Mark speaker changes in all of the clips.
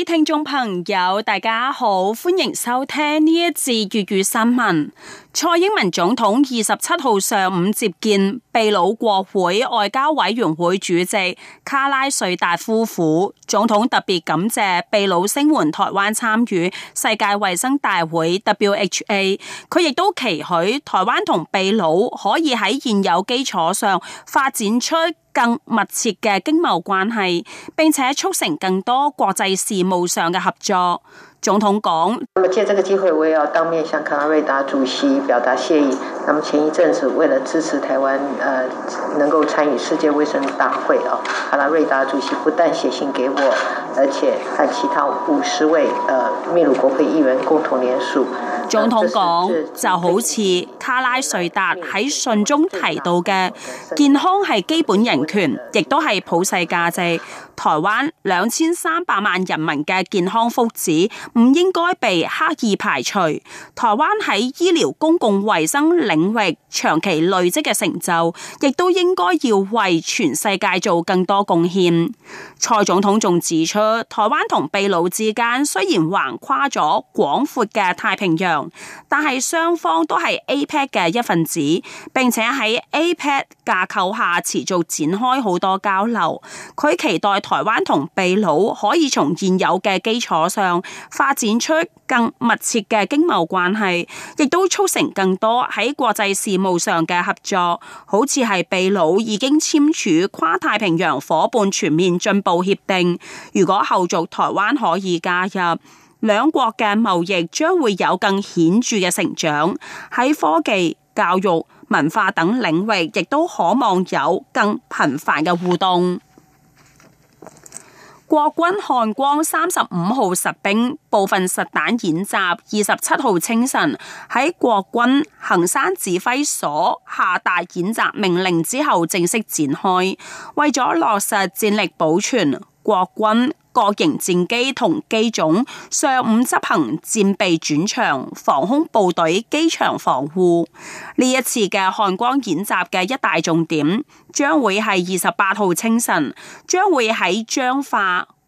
Speaker 1: 各位聽眾朋友，大家好，歡迎收聽呢一次粵語新聞。蔡英文總統二十七號上午接見秘魯國會外交委員會主席卡拉瑞達夫婦，總統特別感謝秘魯聲援台灣參與世界衛生大會 （WHA），佢亦都期許台灣同秘魯可以喺現有基礎上發展出。更密切嘅經貿關係，並且促成更多國際事務上嘅合作。總統講：借這個機會，我也要當面向卡拉瑞達主席表達謝意。那麼前一陣子，為了支持台灣，呃，能夠參與世界衛生大會，哦，卡拉瑞達主席不但寫信給我，而且和其他五十位，呃，秘魯國會議員共同聯署。總統講，就好似卡拉瑞達喺信中提到嘅，健康係基本人權，亦都係普世價值。台灣兩千三百萬人民嘅健康福祉唔應該被刻意排除。台灣喺醫療公共衛生領域長期累積嘅成就，亦都應該要為全世界做更多貢獻。蔡總統仲指出，台灣同秘魯之間雖然橫跨咗廣闊嘅太平洋。但係雙方都係 APEC 嘅一份子，並且喺 APEC 架構下持續展開好多交流。佢期待台灣同秘魯可以從現有嘅基礎上發展出更密切嘅經貿關係，亦都促成更多喺國際事務上嘅合作。好似係秘魯已經簽署跨太平洋夥伴全面進步協定，如果後續台灣可以加入。兩國嘅貿易將會有更顯著嘅成長，喺科技、教育、文化等領域，亦都渴望有更頻繁嘅互動。國軍漢光三十五號實兵部分實彈演習，二十七號清晨喺國軍衡山指揮所下達演習命令之後，正式展開。為咗落實戰力保存，國軍，各型戰機同機種上午執行戰備轉場，防空部隊，機場防護。呢一次嘅漢光演習嘅一大重點，將會係二十八號清晨，將會喺彰化，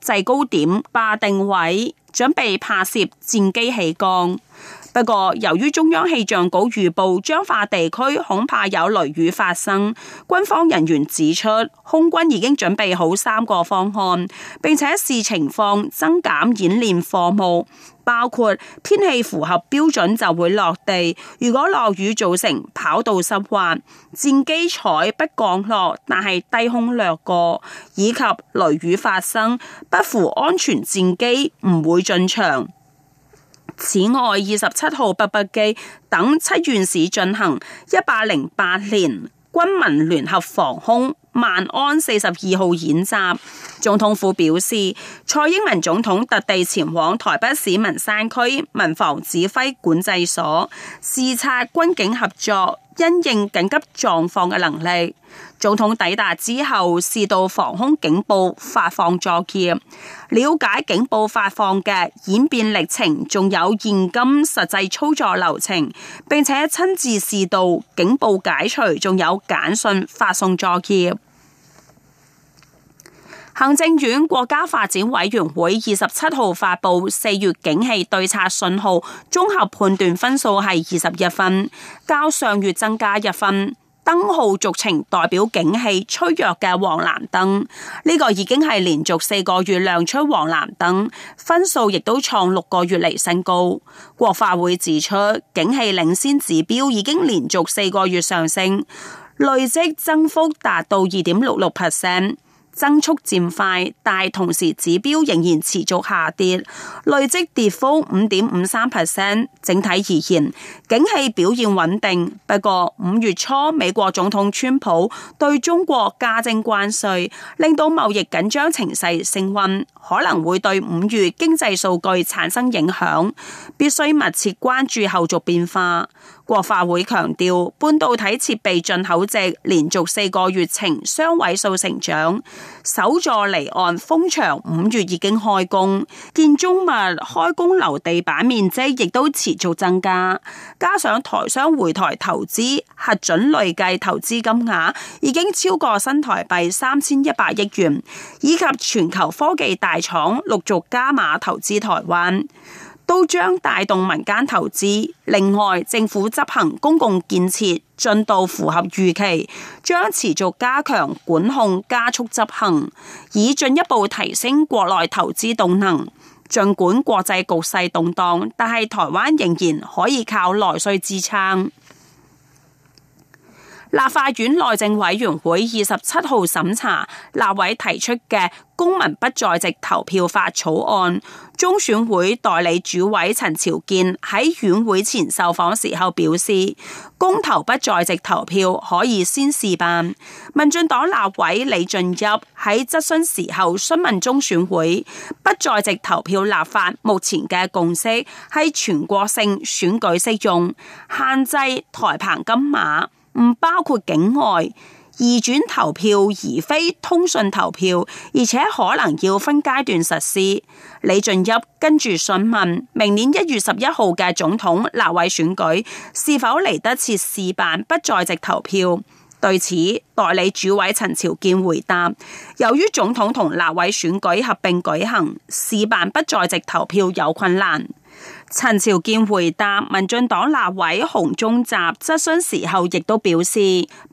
Speaker 1: 制高點、霸定位，準備拍攝戰機起降。不過，由於中央氣象局預報彰化地區恐怕有雷雨發生，軍方人員指出，空軍已經準備好三個方案，並且視情況增減演練科目，包括天氣符合標準就會落地；如果落雨造成跑道濕滑，戰機才不降落，但係低空掠過；以及雷雨發生，不符安全戰機，戰機唔會進場。此外，二十七號北北基等七縣市進行一百零八年軍民聯合防空萬安四十二號演習。總統府表示，蔡英文總統特地前往台北市民山區民防指揮管制所視察軍警合作。因應緊急狀況嘅能力，總統抵達之後視導防空警報發放作業，了解警報發放嘅演變歷程，仲有現今實際操作流程，並且親自視導警報解除，仲有簡訊發送作業。行政院國家發展委員會二十七號發布四月景氣對策信號，綜合判斷分數係二十一分，較上月增加一分。燈號續呈代表景氣趨弱嘅黃藍燈，呢、這個已經係連續四個月亮出黃藍燈，分數亦都創六個月嚟新高。國發會指出，景氣領先指標已經連續四個月上升，累積增幅達到二點六六 percent。增速漸快，但同時指標仍然持續下跌，累積跌幅五點五三 percent。整體而言，景氣表現穩定。不過五月初美國總統川普對中國加徵關稅，令到貿易緊張情勢升溫，可能會對五月經濟數據產生影響，必須密切關注後續變化。國發會強調，半導體設備進口值連續四個月呈雙位數成長，首座離岸風場五月已經開工，建築物開工樓地板面積亦都持續增加，加上台商回台投資核准累計投資金額已經超過新台幣三千一百億元，以及全球科技大廠陸續加碼投資台灣。都將帶動民間投資。另外，政府執行公共建設進度符合預期，將持續加強管控、加速執行，以進一步提升國內投資動能。儘管國際局勢動盪，但係台灣仍然可以靠內需支撐。立法院內政委員會二十七號審查立委提出嘅公民不在籍投票法草案，中選會代理主委陳朝建喺院會前受訪時候表示，公投不在籍投票可以先試辦。民進黨立委李俊益喺質詢時候詢問中選會不在籍投票立法目前嘅共識係全國性選舉適用，限制台澎金馬。唔包括境外移轉投票，而非通訊投票，而且可能要分階段實施。李俊逸跟住詢問：，明年一月十一號嘅總統立委選舉，是否嚟得切試辦不在籍投票？對此，代理主委陳朝建回答：，由於總統同立委選舉合併舉行，試辦不在籍投票有困難。陳朝健回答，民進黨立委洪中澤質詢時候亦都表示，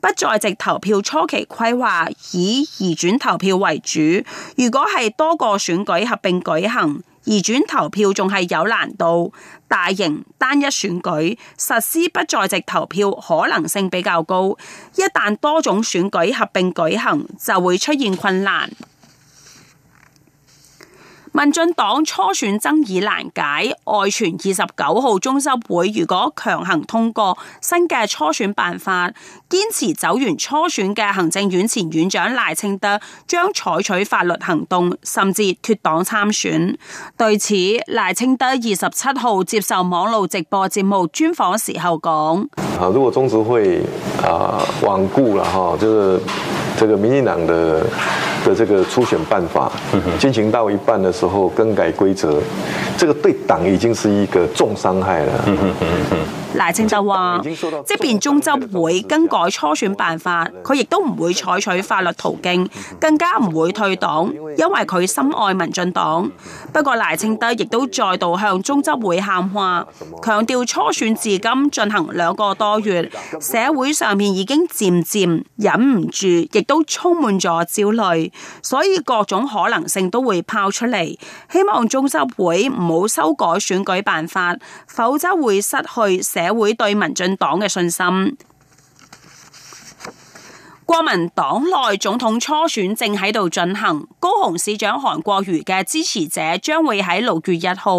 Speaker 1: 不在籍投票初期規劃以移轉投票為主，如果係多個選舉合併舉行，移轉投票仲係有難度。大型單一選舉實施不在籍投票可能性比較高，一旦多種選舉合併舉行，就會出現困難。民進黨初選爭議難解，外傳二十九號中執會如果強行通過新嘅初選辦法，堅持走完初選嘅行政院前院長賴清德將採取法律行動，甚至脫黨參選。對此，賴清德二十七號接受網絡直播節目專訪時候講：，啊，如果中執會啊頑固啦，哈，即係個民進黨的。的這個初選辦法進行到一半的時候更改規則，這個對黨已經是一個重傷害了。賴、嗯嗯嗯、清德話，即便中執會更改初選辦法，佢亦都唔會採取法律途徑，更加唔會退黨，因為佢深愛民進黨。不過賴清德亦都再度向中執會喊話，強調初選至今進行兩個多月，社會上面已經漸漸忍唔住，亦都充滿咗焦慮。所以各種可能性都會拋出嚟，希望中執會唔好修改選舉辦法，否則會失去社會對民進黨嘅信心。國民黨內總統初選正喺度進行，高雄市長韓國瑜嘅支持者將會喺六月一號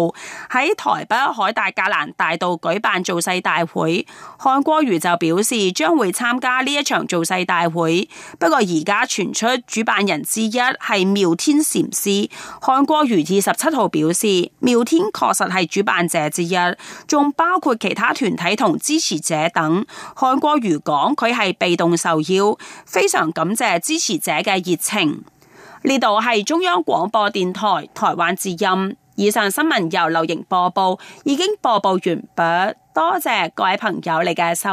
Speaker 1: 喺台北凱達格蘭大道舉辦造勢大會。韓國瑜就表示將會參加呢一場造勢大會，不過而家傳出主辦人之一係妙天禪師。韓國瑜二十七號表示妙天確實係主辦者之一，仲包括其他團體同支持者等。韓國瑜講佢係被動受邀。非常感謝支持者嘅熱情。呢度係中央廣播電台台灣之音。以上新聞由劉瑩播報，已經播報完畢，多謝各位朋友你嘅收聽。